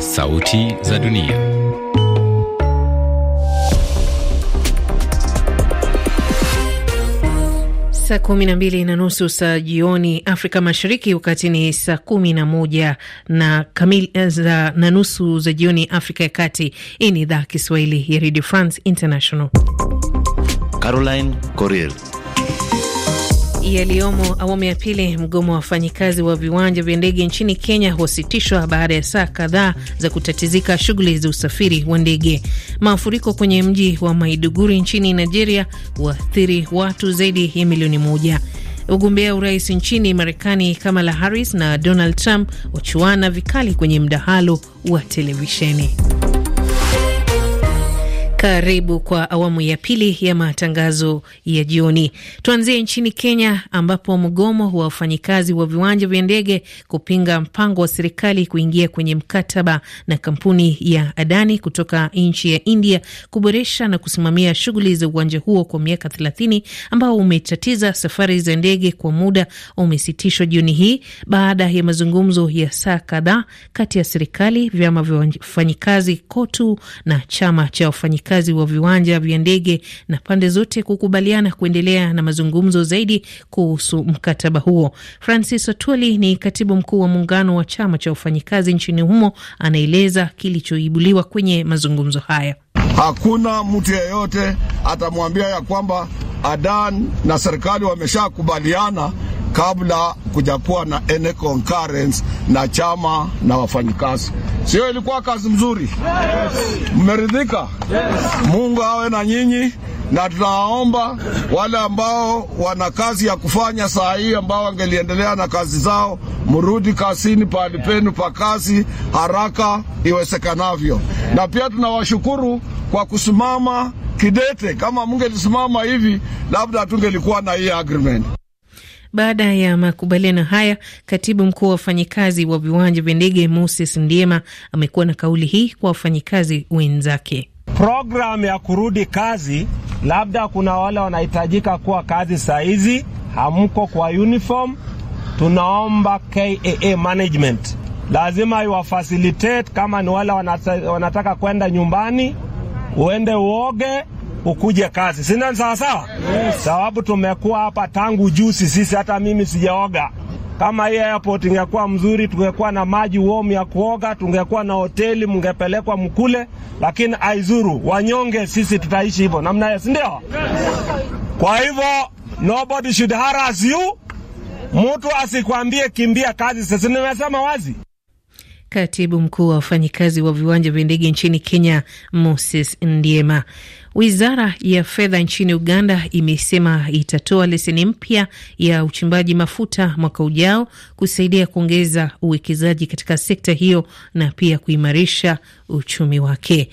Sauti za Dunia. Saa kumi na mbili na nusu za jioni Afrika Mashariki, wakati ni saa kumi na moja na kamili eh, na nusu za jioni Afrika ya Kati. Hii ni idhaa Kiswahili ya Radio France International. Caroline Corrier yaliyomo awamu ya pili. Mgomo wa wafanyikazi wa viwanja vya ndege nchini Kenya huasitishwa baada ya saa kadhaa za kutatizika shughuli za usafiri wa ndege. mafuriko kwenye mji wa Maiduguri nchini Nigeria huathiri watu zaidi ya milioni moja. Wagombea urais nchini Marekani Kamala Harris na Donald Trump wachuana vikali kwenye mdahalo wa televisheni. Karibu kwa awamu ya pili ya matangazo ya jioni. Tuanzie nchini Kenya, ambapo mgomo wa wafanyikazi wa viwanja vya ndege kupinga mpango wa serikali kuingia kwenye mkataba na kampuni ya Adani kutoka nchi ya India kuboresha na kusimamia shughuli za uwanja huo kwa miaka thelathini, ambao umetatiza safari za ndege kwa muda umesitishwa jioni hii baada ya mazungumzo ya saa kadhaa kati ya serikali, vyama vya wafanyikazi, KOTU na chama cha wafanyikazi wafanyakazi wa viwanja vya ndege na pande zote kukubaliana kuendelea na mazungumzo zaidi kuhusu mkataba huo. Francis otuli ni katibu mkuu wa muungano wa chama cha wafanyikazi nchini humo, anaeleza kilichoibuliwa kwenye mazungumzo haya. Hakuna mtu yeyote atamwambia ya kwamba Adan na serikali wameshakubaliana kabla kujakuwa na any concurrence na chama na wafanyikazi. Sio, ilikuwa kazi mzuri. Mmeridhika? Yes. Mungu awe na nyinyi na tunawaomba wale ambao wana kazi ya kufanya saa hii ambao wangeliendelea na kazi zao, mrudi kazini pahali penu pa kazi haraka iwezekanavyo. Na pia tunawashukuru kwa kusimama kidete. Kama mungelisimama hivi, labda tungelikuwa na hii agreement. Baada ya makubaliano haya, katibu mkuu wa wafanyikazi wa viwanja vya ndege Moses Ndiema amekuwa na kauli hii kwa wafanyikazi wenzake. Programu ya kurudi kazi, labda kuna wale wanahitajika kuwa kazi saa hizi, hamko kwa uniform. Tunaomba KAA management lazima iwafacilitate, kama ni wale wanataka kwenda nyumbani, uende uoge ukuje kazi, sina Sawa Yes. Sababu tumekuwa hapa tangu juzi sisi, hata mimi sijaoga. Kama hii airport ingekuwa mzuri, tungekuwa na maji warm ya kuoga, tungekuwa na hoteli, mngepelekwa mkule, lakini aizuru wanyonge, sisi tutaishi hivyo namna hiyo, si ndio? Kwa hivyo nobody should harass you, mtu asikwambie kimbia kazi. Sasa nimesema wazi. Katibu mkuu wa wafanyikazi wa viwanja vya ndege nchini Kenya, Moses Ndiema. Wizara ya fedha nchini Uganda imesema itatoa leseni mpya ya uchimbaji mafuta mwaka ujao kusaidia kuongeza uwekezaji katika sekta hiyo na pia kuimarisha uchumi wake.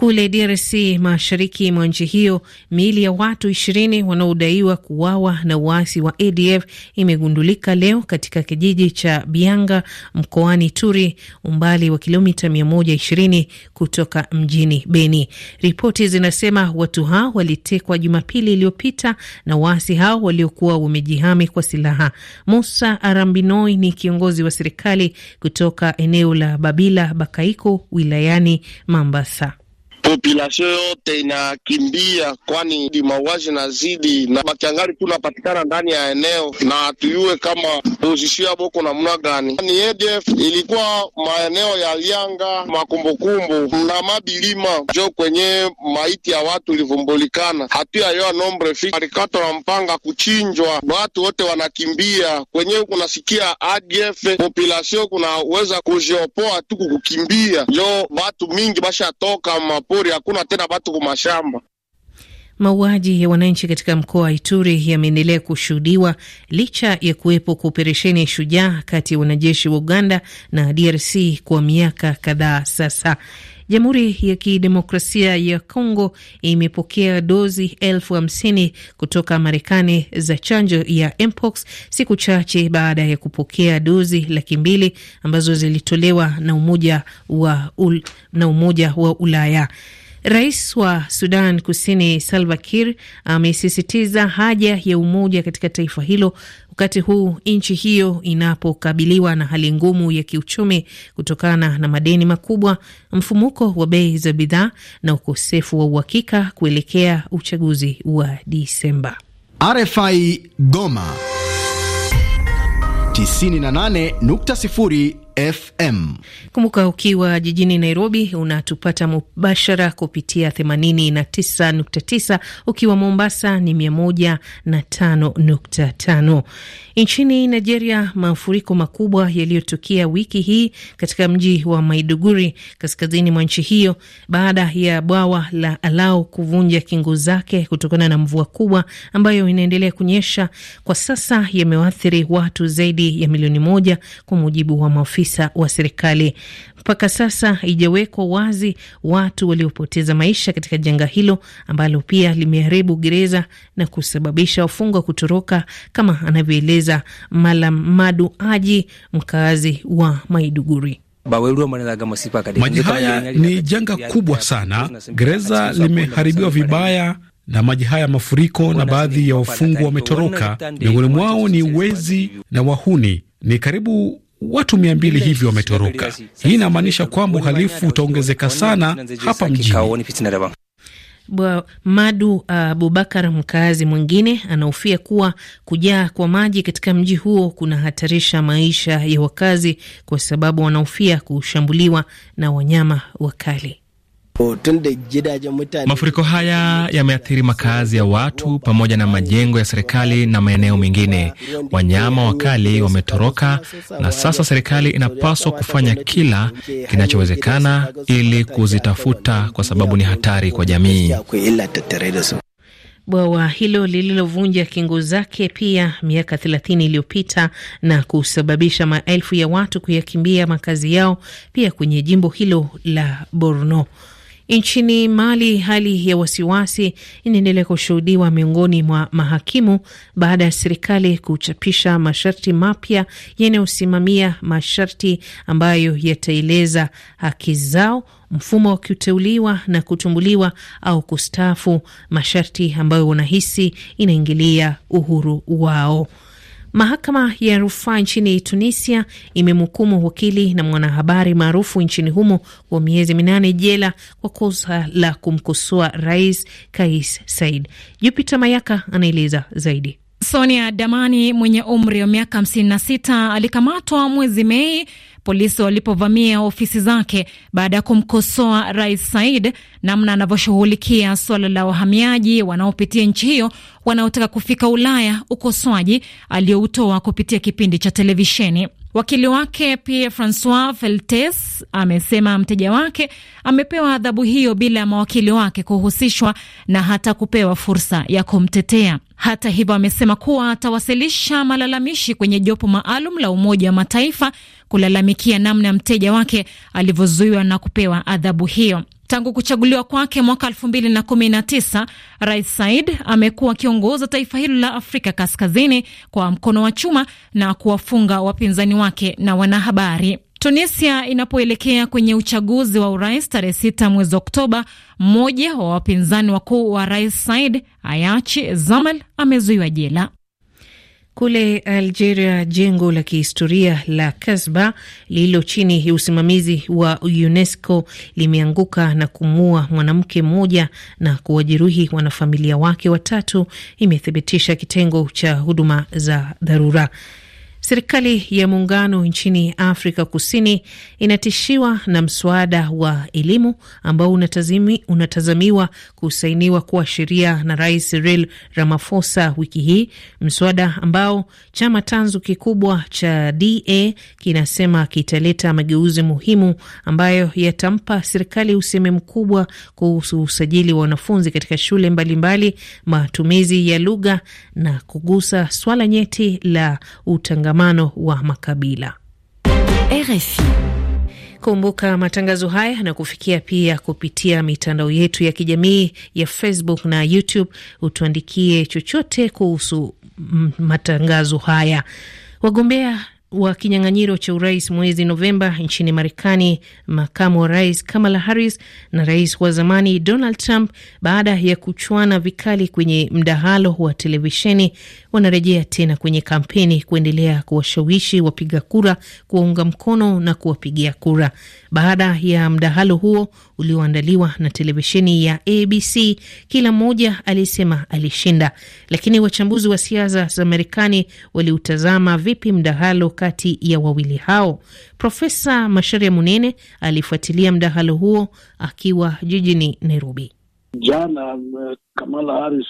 Kule DRC mashariki mwa nchi hiyo, miili ya watu ishirini wanaodaiwa kuuawa na uasi wa ADF imegundulika leo katika kijiji cha Bianga mkoani Turi, umbali wa kilomita 120 kutoka mjini Beni. Ripoti zinasema watu hao walitekwa Jumapili iliyopita na waasi hao waliokuwa wamejihami kwa silaha. Musa Arambinoi ni kiongozi wa serikali kutoka eneo la Babila Bakaiko wilayani Mambasa population yote inakimbia, kwani mauaji na zidi na bakiangali tu napatikana ndani ya eneo, na tuyue kama pozisio ya boko namna gani. Ni ADF ilikuwa maeneo ya Lianga, Makumbukumbu na Mabilima jo kwenye maiti ya watu ilivumbulikana, hatuyayoa nombre fi alikato na mpanga kuchinjwa, watu wote wanakimbia kwenye Kunasikia ADF population kunaweza kujiopoa tu kukukimbia, njo batu mingi bashatoka mapo Ituri hakuna tena batu kumashamba. Mauaji ya wananchi katika mkoa wa Ituri yameendelea kushuhudiwa licha ya kuwepo kwa operesheni ya Shujaa kati ya wanajeshi wa Uganda na DRC kwa miaka kadhaa sasa. Jamhuri ya Kidemokrasia ya congo imepokea dozi elfu hamsini kutoka Marekani za chanjo ya mpox siku chache baada ya kupokea dozi laki mbili ambazo zilitolewa na Umoja wa, ul, na Umoja wa Ulaya. Rais wa Sudan Kusini Salva Kiir amesisitiza haja ya umoja katika taifa hilo wakati huu nchi hiyo inapokabiliwa na hali ngumu ya kiuchumi kutokana na madeni makubwa, mfumuko wa bei za bidhaa na ukosefu wa uhakika kuelekea uchaguzi wa Disemba. RFI Goma 98.0 FM. Kumbuka ukiwa jijini Nairobi unatupata mubashara kupitia 89.9, ukiwa Mombasa ni 105.5. Nchini Nigeria, mafuriko makubwa yaliyotokea wiki hii katika mji wa Maiduguri kaskazini mwa nchi hiyo baada ya bwawa la Alau kuvunja kingo zake kutokana na mvua kubwa ambayo inaendelea kunyesha kwa sasa, yamewathiri watu zaidi ya milioni moja kwa mujibu wa maafisa maafisa wa serikali. Mpaka sasa haijawekwa wazi watu waliopoteza maisha katika janga hilo ambalo pia limeharibu gereza na kusababisha wafungwa kutoroka, kama anavyoeleza Malam Madu Aji, mkaazi wa Maiduguri. Maji haya ni janga kubwa sana, gereza limeharibiwa vibaya na maji haya mafuriko, na baadhi ya wafungwa wametoroka. Miongoni mwao ni wezi na wahuni. Ni karibu watu mia mbili hivyo wametoroka. Hii inamaanisha kwamba uhalifu utaongezeka sana hapa mjini. Madu uh, Abubakar, uh, mkaazi mwingine, anahofia kuwa kujaa kwa maji katika mji huo kunahatarisha maisha ya wakazi, kwa sababu wanahofia kushambuliwa na wanyama wakali. Mafuriko haya yameathiri makazi ya watu pamoja na majengo ya serikali na maeneo mengine. Wanyama wakali wametoroka, na sasa serikali inapaswa kufanya kila kinachowezekana ili kuzitafuta, kwa sababu ni hatari kwa jamii. Bwawa hilo lililovunja kingo zake pia miaka 30 iliyopita na kusababisha maelfu ya watu kuyakimbia makazi yao, pia kwenye jimbo hilo la Borno. Nchini Mali, hali ya wasiwasi inaendelea kushuhudiwa miongoni mwa mahakimu baada ya serikali kuchapisha masharti mapya yanayosimamia masharti ambayo yataeleza haki zao, mfumo wa kuteuliwa na kutumbuliwa au kustaafu, masharti ambayo wanahisi inaingilia uhuru wao. Mahakama ya rufaa nchini Tunisia imemhukumu wakili na mwanahabari maarufu nchini humo wa miezi minane jela kwa kosa la kumkosoa Rais Kais said jupite Mayaka anaeleza zaidi. Sonia Damani mwenye umri wa miaka 56 alikamatwa mwezi Mei polisi walipovamia ofisi zake baada ya kumkosoa Rais Said namna anavyoshughulikia suala la wahamiaji wanaopitia nchi hiyo wanaotaka kufika Ulaya, ukosoaji aliyoutoa kupitia kipindi cha televisheni. Wakili wake Pierre Francois Feltes amesema mteja wake amepewa adhabu hiyo bila ya mawakili wake kuhusishwa na hata kupewa fursa ya kumtetea. Hata hivyo, amesema kuwa atawasilisha malalamishi kwenye jopo maalum la Umoja wa Mataifa kulalamikia namna mteja wake alivyozuiwa na kupewa adhabu hiyo. Tangu kuchaguliwa kwake mwaka 2019 Rais Said amekuwa akiongoza taifa hilo la Afrika Kaskazini kwa mkono wa chuma na kuwafunga wapinzani wake na wanahabari. Tunisia inapoelekea kwenye uchaguzi wa urais tarehe sita mwezi Oktoba, mmoja wa wapinzani wakuu wa Rais Said, Ayachi Zamal, amezuiwa jela. Kule Algeria, jengo la kihistoria la Kasba lililo chini ya usimamizi wa UNESCO limeanguka na kumua mwanamke mmoja na kuwajeruhi wanafamilia wake watatu, imethibitisha kitengo cha huduma za dharura. Serikali ya muungano nchini Afrika Kusini inatishiwa na mswada wa elimu ambao unatazimi, unatazamiwa kusainiwa kuwa sheria na Rais Cyril Ramaphosa wiki hii, mswada ambao chama tanzu kikubwa cha DA kinasema kitaleta mageuzi muhimu ambayo yatampa serikali useme mkubwa kuhusu usajili wa wanafunzi katika shule mbalimbali mbali, matumizi ya lugha na kugusa swala nyeti la utangamano mshikamano wa makabila. RFI. Kumbuka matangazo haya yanakufikia pia kupitia mitandao yetu ya kijamii ya Facebook na YouTube. Utuandikie chochote kuhusu matangazo haya. Wagombea wa kinyang'anyiro cha urais mwezi Novemba nchini Marekani, makamu wa rais Kamala Harris na rais wa zamani Donald Trump, baada ya kuchuana vikali kwenye mdahalo wa televisheni, wanarejea tena kwenye kampeni kuendelea kuwashawishi wapiga kura kuwaunga mkono na kuwapigia kura. Baada ya mdahalo huo ulioandaliwa na televisheni ya ABC, kila mmoja alisema alishinda. Lakini wachambuzi wa siasa za Marekani waliutazama vipi mdahalo kati ya wawili hao? Profesa Masharia Munene alifuatilia mdahalo huo akiwa jijini Nairobi. Jana eh, Kamala Harris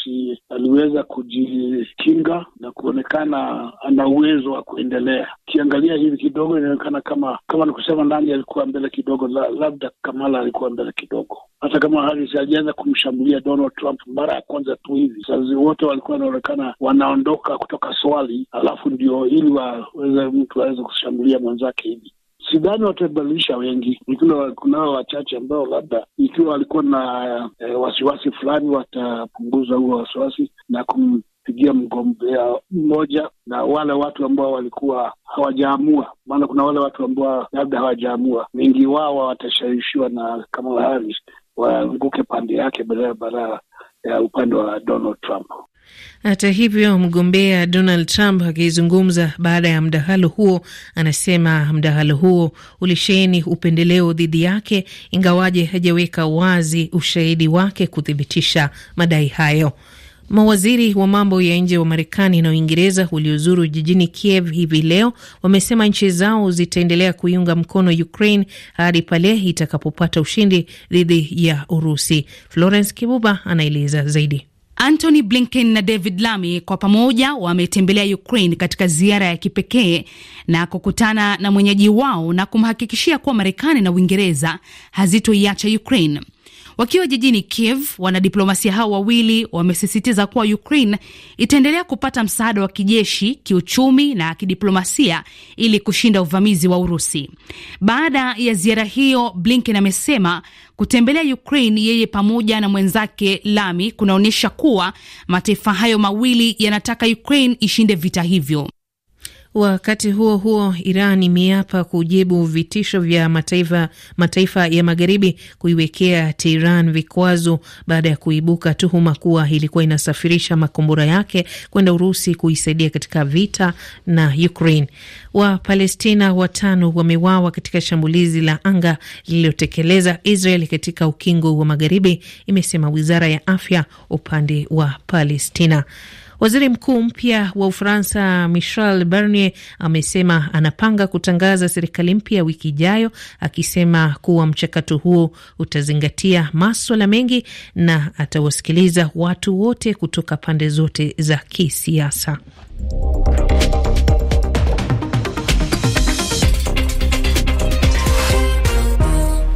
aliweza kujikinga na kuonekana ana uwezo wa kuendelea. Ukiangalia hivi kidogo, inaonekana kama kama ni kusema nani alikuwa mbele kidogo, la, labda Kamala alikuwa mbele kidogo, hata kama Harris alianza kumshambulia Donald Trump mara ya kwanza tu hivi. Sasa wote walikuwa wanaonekana wanaondoka kutoka swali, alafu ndio ili waweze mtu aweze kushambulia mwenzake hivi sidhani watabadilisha wengi, ikiwa kunao wachache ambao labda ikiwa walikuwa na e, wasiwasi fulani watapunguza huo wasiwasi na kumpigia mgombea mmoja na wale watu ambao walikuwa hawajaamua. Maana kuna wale watu ambao labda hawajaamua, wengi wao watashawishiwa na Kamala Harris waanguke pande yake badala ya upande wa Donald Trump. Hata hivyo, mgombea Donald Trump akizungumza baada ya mdahalo huo, anasema mdahalo huo ulisheheni upendeleo dhidi yake, ingawaje hajaweka wazi ushahidi wake kuthibitisha madai hayo. Mawaziri wa mambo ya nje wa Marekani na Uingereza waliozuru jijini Kiev hivi leo wamesema nchi zao zitaendelea kuiunga mkono Ukraine hadi pale itakapopata ushindi dhidi ya Urusi. Florence Kibuba anaeleza zaidi. Antony Blinken na David Lamy kwa pamoja wametembelea Ukraine katika ziara ya kipekee na kukutana na mwenyeji wao na kumhakikishia kuwa Marekani na Uingereza hazitoiacha Ukraine. Wakiwa jijini Kiev, wanadiplomasia hao wawili wamesisitiza kuwa Ukraine itaendelea kupata msaada wa kijeshi, kiuchumi na kidiplomasia ili kushinda uvamizi wa Urusi. Baada ya ziara hiyo, Blinken amesema kutembelea Ukraine yeye pamoja na mwenzake Lami kunaonyesha kuwa mataifa hayo mawili yanataka Ukraine ishinde vita hivyo. Wakati huo huo, Iran imeapa kujibu vitisho vya mataifa, mataifa ya magharibi kuiwekea Tehran vikwazo baada ya kuibuka tuhuma kuwa ilikuwa inasafirisha makombora yake kwenda Urusi kuisaidia katika vita na Ukraine. Wapalestina watano wamewawa katika shambulizi la anga lililotekeleza Israel katika ukingo wa magharibi, imesema wizara ya afya upande wa Palestina. Waziri mkuu mpya wa Ufaransa Michel Barnier amesema anapanga kutangaza serikali mpya wiki ijayo, akisema kuwa mchakato huo utazingatia maswala mengi na atawasikiliza watu wote kutoka pande zote za kisiasa.